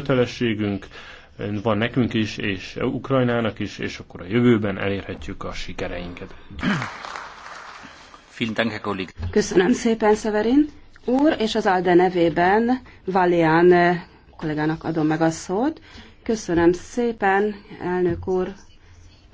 kötelességünk, van nekünk is, és Ukrajnának is, és akkor a jövőben elérhetjük a sikereinket. Köszönöm szépen, Szeverin. Úr és az ALDE nevében Valian kollégának adom meg a szót. Köszönöm szépen, elnök úr.